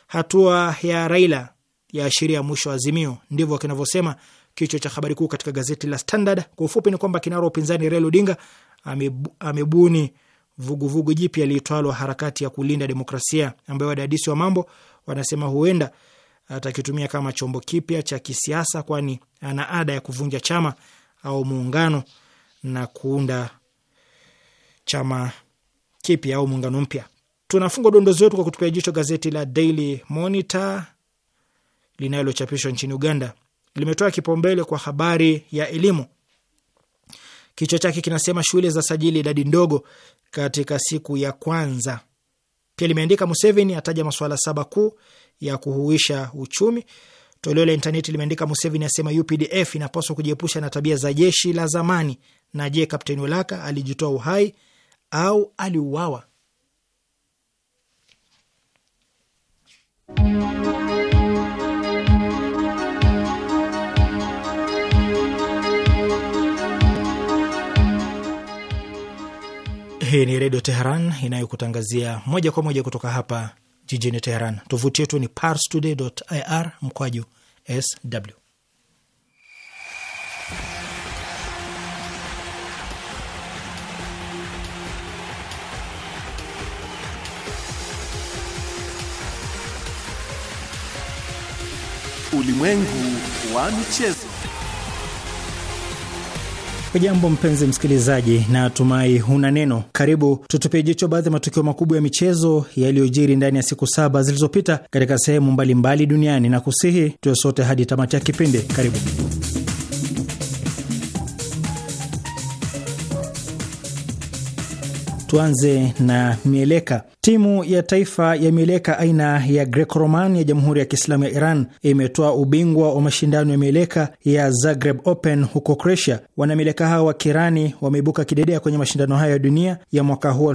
[SPEAKER 1] Hatua ya Raila ya ashiria mwisho wa Azimio, ndivyo kinavyosema kichwa cha habari kuu katika gazeti la Standard. Kwa ufupi ni kwamba kinara upinzani Raila Odinga amebuni vuguvugu jipya liitwalo Harakati ya Kulinda Demokrasia, ambayo wadadisi wa mambo wanasema huenda atakitumia kama chombo kipya cha kisiasa, kwani ana ada ya kuvunja chama au muungano na kuunda chama kipya au muungano mpya. Tunafunga udondozi wetu kwa kutupia jicho gazeti la Daily Monitor linalochapishwa nchini Uganda. Limetoa kipaumbele kwa habari ya elimu. Kichwa chake kinasema shule za sajili idadi ndogo katika siku ya kwanza. Pia limeandika Museveni ataja masuala saba kuu ya kuhuisha uchumi. Toleo la intaneti limeandika Museveni asema UPDF inapaswa kujiepusha na tabia za jeshi la zamani. Na je, Kapteni Olaka alijitoa uhai au aliuawa? Hii ni Redio Teheran inayokutangazia moja kwa moja kutoka hapa jijini Teheran. Tovuti yetu ni parstoday.ir mkwaju sw.
[SPEAKER 3] Ulimwengu wa michezo
[SPEAKER 1] jambo mpenzi msikilizaji, na tumai huna neno. Karibu tutupie jicho baadhi ya matukio makubwa ya michezo yaliyojiri ndani ya siku saba zilizopita katika sehemu mbalimbali duniani, na kusihi tuwe sote hadi tamati ya kipindi. Karibu. Tuanze na mieleka. Timu ya taifa ya mieleka aina ya Greco-Roman ya Jamhuri ya Kiislamu ya Iran imetoa ubingwa wa mashindano ya mieleka ya Zagreb Open huko Croatia. Wanamieleka hao wa Kirani wameibuka kidedea kwenye mashindano hayo ya dunia ya mwaka huu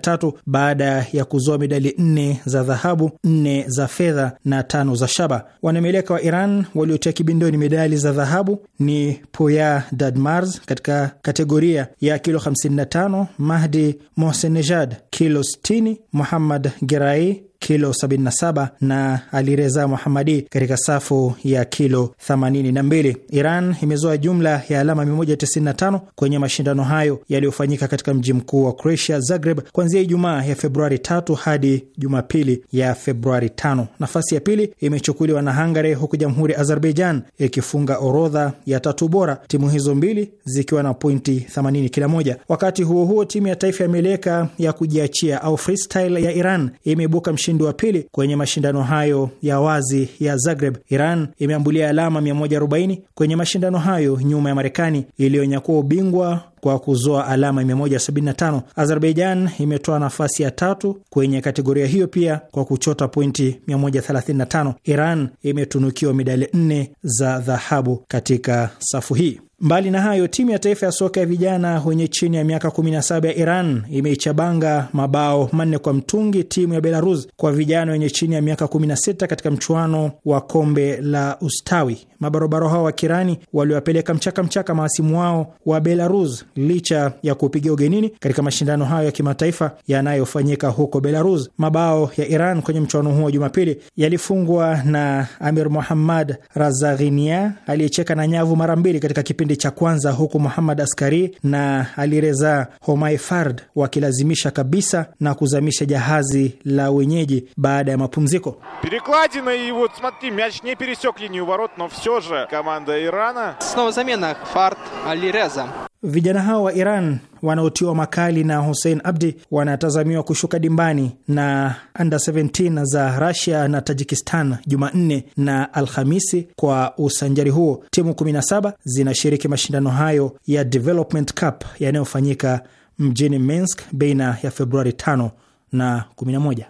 [SPEAKER 1] tatu baada ya kuzoa medali nne za dhahabu, nne za fedha na tano za shaba. Wanamieleka wa Iran waliotia kibindoni medali za dhahabu ni Poya Dadmars katika kategoria ya kilo 55, Mahdi Mohsenejad kilo 60 Muhammad Gerai kilo 77 na Alireza Muhamadi katika safu ya kilo 82. Iran imezoa jumla ya alama 195 kwenye mashindano hayo yaliyofanyika katika mji mkuu wa Croatia, Zagreb, kuanzia Ijumaa ya Februari 3 hadi Jumapili ya Februari 5. Nafasi ya pili imechukuliwa na Hungary, huku jamhuri ya Azerbaijan ikifunga orodha ya tatu bora, timu hizo mbili zikiwa na pointi 80 kila moja. Wakati huo huo, timu ya taifa ya meleka ya kujiachia au freestyle ya Iran imeibuka mshindi wa pili kwenye mashindano hayo ya wazi ya Zagreb. Iran imeambulia alama 140 kwenye mashindano hayo nyuma ya Marekani iliyonyakua ubingwa kwa kuzoa alama 175. Azerbaijan imetoa nafasi ya tatu kwenye kategoria hiyo pia kwa kuchota pointi 135. Iran imetunukiwa medali nne za dhahabu katika safu hii. Mbali na hayo, timu ya taifa ya soka ya vijana wenye chini ya miaka 17 ya Iran imeichabanga mabao manne kwa mtungi timu ya Belarus kwa vijana wenye chini ya miaka 16 katika mchuano wa kombe la Ustawi. Mabarobaro hao wa Kirani waliwapeleka mchaka mchaka mahasimu wao wa Belarus licha ya kupiga ugenini katika mashindano hayo ya kimataifa yanayofanyika huko Belarus. Mabao ya Iran kwenye mchuano huo wa Jumapili yalifungwa na Amir Muhammad razaghinia aliyecheka na nyavu mara mbili katika kipindi kipindi cha kwanza, huku Muhammad Askari na Alireza Homai Fard wakilazimisha kabisa na kuzamisha jahazi la wenyeji baada ya mapumziko. Перекладина и вот смотри, мяч не пересек линию ворот, но все же команда Ирана. Снова замена Фард Алиреза. Vijana hao wa Iran wanaotiwa makali na Hussein Abdi wanatazamiwa kushuka dimbani na under 17 za Russia na Tajikistan Jumanne na Alhamisi kwa usanjari huo. Timu 17 zinashiriki mashindano hayo ya Development Cup yanayofanyika mjini Minsk baina ya Februari 5 na 11.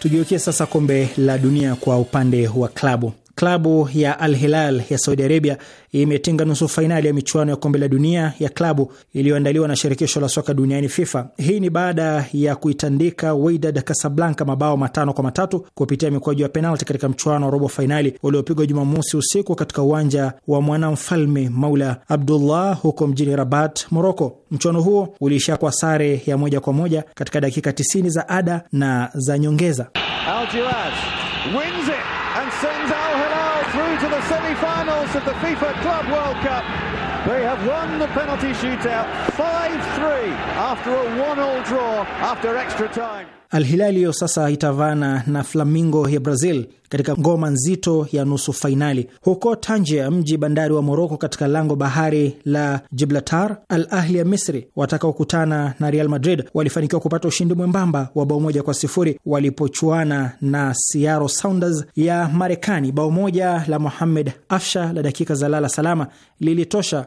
[SPEAKER 1] Tugeukie sasa kombe la dunia kwa upande wa klabu klabu ya Al Hilal ya Saudi Arabia imetinga nusu fainali ya michuano ya kombe la dunia ya klabu iliyoandaliwa na shirikisho la soka duniani FIFA. Hii ni baada ya kuitandika Wydad Casablanca mabao matano kwa matatu kupitia mikwaju ya penalti katika mchuano wa robo fainali uliopigwa Jumamosi usiku katika uwanja wa Mwanamfalme Maula Abdullah huko mjini Rabat, Moroko. Mchuano huo uliishia kwa sare ya moja kwa moja katika dakika 90 za ada na za nyongeza.
[SPEAKER 2] al wins it. of the FIFA Club World the penalty shootout 5-3 after a 1-all draw after extra time.
[SPEAKER 1] Al Hilal hiyo sasa itavana na flamingo ya Brazil katika ngoma nzito ya nusu fainali. Huko ya mji bandari wa Moroko, katika lango bahari la Gibraltar, Al Ahli ya Misri watakaokutana na Real Madrid walifanikiwa kupata ushindi mwembamba wa bao moja kwa sifuri walipochuana na Seattle Sounders ya Marekani. Bao moja la Mohamed Afsha la dakika za lala salama lilitosha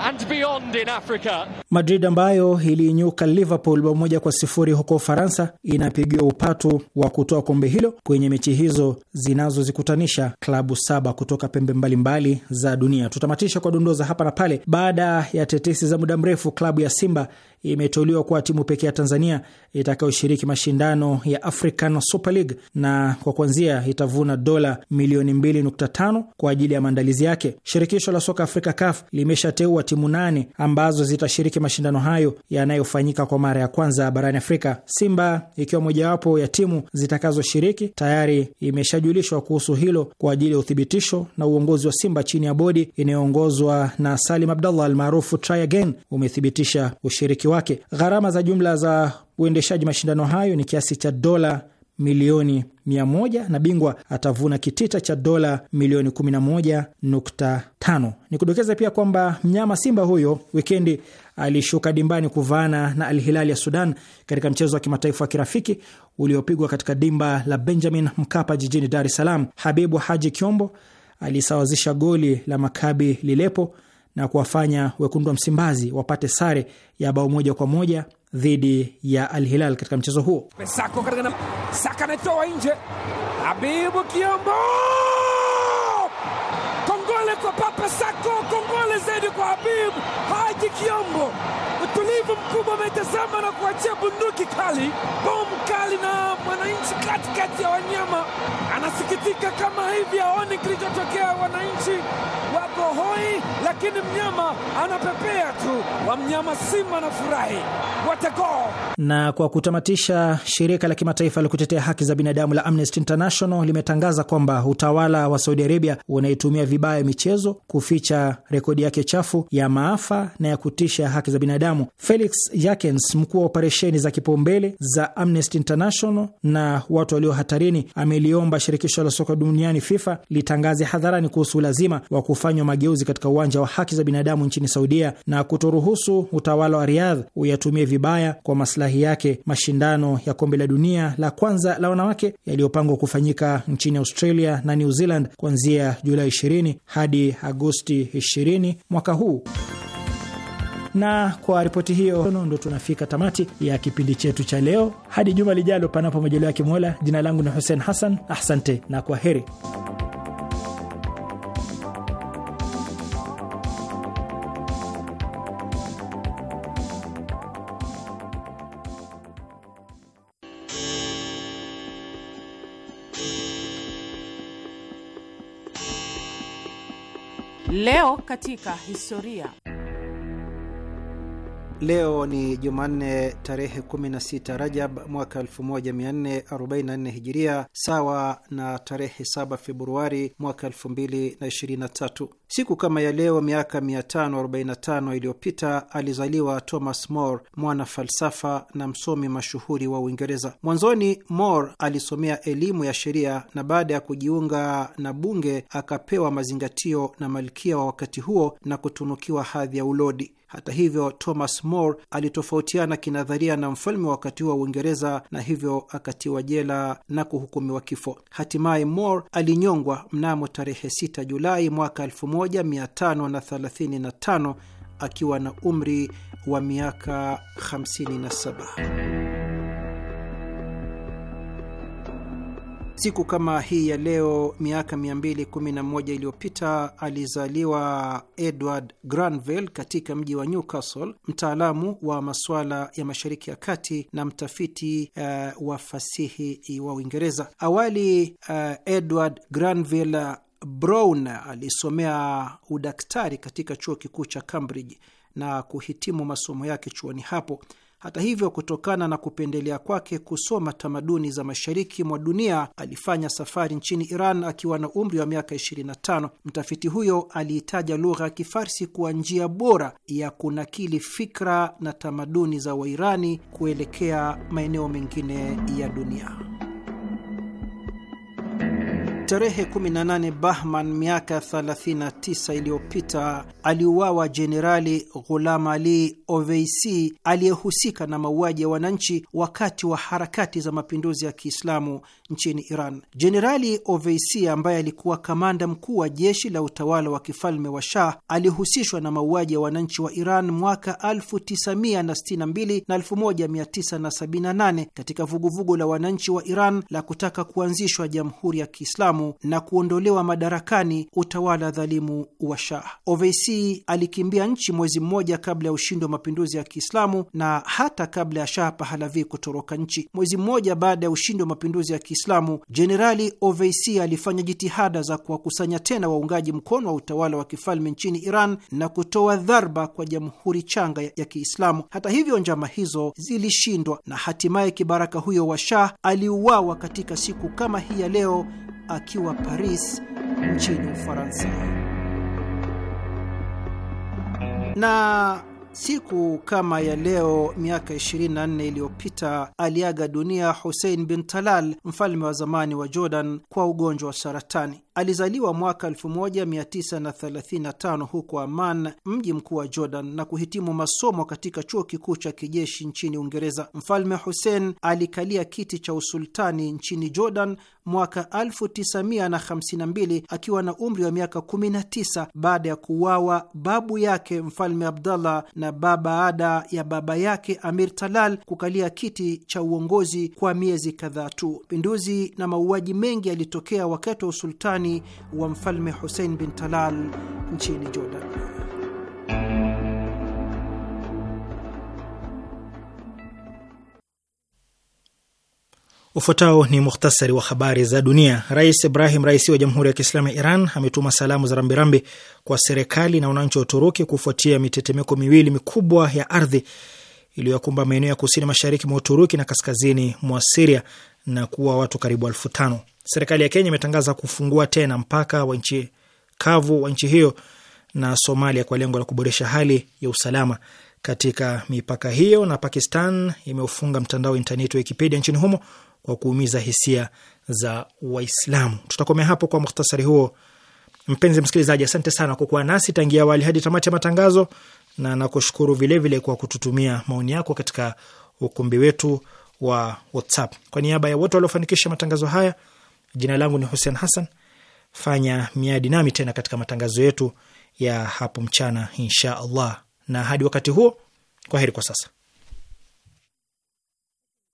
[SPEAKER 2] and beyond in Africa.
[SPEAKER 1] Madrid ambayo iliinyuka Liverpool bao moja kwa sifuri huko Ufaransa inapigiwa upatu wa kutoa kombe hilo kwenye mechi hizo zinazozikutanisha klabu saba kutoka pembe mbalimbali mbali za dunia. Tutamatisha kwa dondoza hapa na pale. Baada ya tetesi za muda mrefu, klabu ya Simba imeteuliwa kuwa timu pekee ya Tanzania itakayoshiriki mashindano ya African Super League na kwa kuanzia itavuna dola milioni 2.5 kwa ajili ya maandalizi yake. Shirikisho la soka Afrika CAF limeshateua timu nane ambazo zitashiriki mashindano hayo yanayofanyika kwa mara ya kwanza barani Afrika. Simba ikiwa mojawapo ya timu zitakazoshiriki, tayari imeshajulishwa kuhusu hilo kwa ajili ya uthibitisho, na uongozi wa Simba chini ya bodi inayoongozwa na Salim Abdallah almaarufu Try Again umethibitisha ushiriki wake. Gharama za jumla za uendeshaji mashindano hayo ni kiasi cha dola milioni moja na bingwa atavuna kitita cha dola milioni 11.5. Ni kudokeza pia kwamba mnyama simba huyo wikendi alishuka dimbani kuvaana na Al ya Sudan katika mchezo wa kimataifa wa kirafiki uliopigwa katika dimba la Benjamin Mkapa jijini Dar es Salaam. Habibu Haji kyombo alisawazisha goli la Makabi Lilepo na kuwafanya wekundu wa Msimbazi wapate sare ya bao moja kwa moja dhidi ya Al Hilal katika mchezo huo.
[SPEAKER 4] Sako Saka nje, Habibu Kiombo, kongole kwa Papa Sako zaidi kwa Habib Haji Kiombo. Utulivu mkubwa umetazama na kuachia bunduki kali, bomu kali, na mwananchi katikati
[SPEAKER 5] ya wanyama anasikitika kama hivi, aoni kilichotokea. Wananchi
[SPEAKER 4] wako hoi, lakini mnyama anapepea tu, wa mnyama Simba na furahi
[SPEAKER 1] na kwa kutamatisha, shirika la kimataifa la kutetea haki za binadamu la Amnesty International limetangaza kwamba utawala wa Saudi Arabia unaitumia vibaya michezo kuficha rekodi yake chafu ya maafa na ya kutisha haki za binadamu. Felix Yakens, mkuu wa operesheni za kipaumbele za Amnesty International na watu walio hatarini, ameliomba shirikisho la soka duniani FIFA litangaze hadharani kuhusu ulazima wa kufanywa mageuzi katika uwanja wa haki za binadamu nchini Saudia na kutoruhusu utawala wa Riyadh uyatumie vibaya kwa maslahi yake mashindano ya kombe la dunia la kwanza la wanawake yaliyopangwa kufanyika nchini Australia na New Zealand kuanzia Julai 20 hadi Agosti 20 mwaka huu. Na kwa ripoti hiyo ndo tunafika tamati ya kipindi chetu cha leo. Hadi juma lijalo, panapo majaliwa yake Mola. Jina langu ni Hussein Hassan, asante na kwa heri.
[SPEAKER 6] Leo katika historia.
[SPEAKER 4] Leo ni Jumanne tarehe 16 Rajab mwaka 1444 Hijiria, sawa na tarehe 7 Februari mwaka 2023. Siku kama ya leo miaka 545 iliyopita alizaliwa Thomas More, mwana falsafa na msomi mashuhuri wa Uingereza. Mwanzoni More alisomea elimu ya sheria na baada ya kujiunga na bunge akapewa mazingatio na malkia wa wakati huo na kutunukiwa hadhi ya ulodi. Hata hivyo Thomas More alitofautiana kinadharia na mfalme wa wakati huo wa Uingereza na hivyo akatiwa jela na kuhukumiwa kifo. Hatimaye More alinyongwa mnamo tarehe 6 Julai mwaka 1535 akiwa na umri wa miaka 57. Siku kama hii ya leo miaka 211 iliyopita alizaliwa Edward Granville katika mji wa Newcastle, mtaalamu wa masuala ya Mashariki ya Kati na mtafiti uh, wa fasihi wa Uingereza. Awali uh, Edward Granville Brown alisomea udaktari katika chuo kikuu cha Cambridge na kuhitimu masomo yake chuoni hapo. Hata hivyo, kutokana na kupendelea kwake kusoma tamaduni za mashariki mwa dunia, alifanya safari nchini Iran akiwa na umri wa miaka 25. Mtafiti huyo aliitaja lugha ya Kifarsi kuwa njia bora ya kunakili fikra na tamaduni za Wairani kuelekea maeneo mengine ya dunia. Tarehe 18 Bahman miaka 39 iliyopita aliuawa Jenerali Ghulam Ali Oveisi aliyehusika na mauaji ya wananchi wakati wa harakati za mapinduzi ya Kiislamu nchini Iran. Jenerali Oveisi ambaye alikuwa kamanda mkuu wa jeshi la utawala wa kifalme wa Shah alihusishwa na mauaji ya wananchi wa Iran mwaka 1962 na 1978 katika vuguvugu la wananchi wa Iran la kutaka kuanzishwa jamhuri ya Kiislamu Kiislamu na kuondolewa madarakani utawala dhalimu wa Shah. Oveisi alikimbia nchi mwezi mmoja kabla ya ushindi wa mapinduzi ya Kiislamu na hata kabla ya Shah Pahalavi kutoroka nchi. Mwezi mmoja baada ya ushindi wa mapinduzi ya Kiislamu, Jenerali Oveisi alifanya jitihada za kuwakusanya tena waungaji mkono wa utawala wa kifalme nchini Iran na kutoa dharba kwa jamhuri changa ya Kiislamu. Hata hivyo, njama hizo zilishindwa na hatimaye kibaraka huyo wa Shah aliuawa katika siku kama hii ya leo akiwa Paris nchini Ufaransa. Na siku kama ya leo miaka 24 iliyopita aliaga dunia Hussein bin Talal, mfalme wa zamani wa Jordan, kwa ugonjwa wa saratani. Alizaliwa mwaka 1935 huko Aman, mji mkuu wa Jordan, na kuhitimu masomo katika chuo kikuu cha kijeshi nchini Uingereza. Mfalme Hussein alikalia kiti cha usultani nchini Jordan mwaka 1952 akiwa na umri wa miaka 19 baada ya kuuawa babu yake Mfalme Abdallah na babaada ya baba yake Amir Talal kukalia kiti cha uongozi kwa miezi kadhaa tu. Mapinduzi na mauaji mengi yalitokea wakati wa usultani nyumbani wa mfalme Hussein bin Talal nchini Jordan.
[SPEAKER 1] Ufuatao ni muhtasari wa habari za dunia. Rais Ibrahim Raisi wa Jamhuri ya Kiislamu ya Iran ametuma salamu za rambirambi kwa serikali na wananchi wa Uturuki kufuatia mitetemeko miwili mikubwa ya ardhi iliyoyakumba maeneo ya kusini mashariki mwa Uturuki na kaskazini mwa Siria na kuwa watu karibu elfu tano. Serikali ya Kenya imetangaza kufungua tena mpaka wa nchi kavu wa nchi hiyo na Somalia kwa lengo la kuboresha hali ya usalama katika mipaka hiyo. Na Pakistan imeufunga mtandao wa intaneti wa Wikipedia nchini humo kwa kuumiza hisia za Waislamu. Tutakomea hapo kwa muhtasari huo. Mpenzi msikilizaji, asante sana kwa kuwa nasi tangia awali hadi tamati ya matangazo, na nakushukuru vilevile kwa kututumia maoni yako katika ukumbi wetu wa WhatsApp. Kwa niaba ya wote waliofanikisha matangazo haya Jina langu ni Hussein Hassan. Fanya miadi nami tena katika matangazo yetu ya hapo mchana, insha Allah. Na hadi wakati huo, kwa heri kwa sasa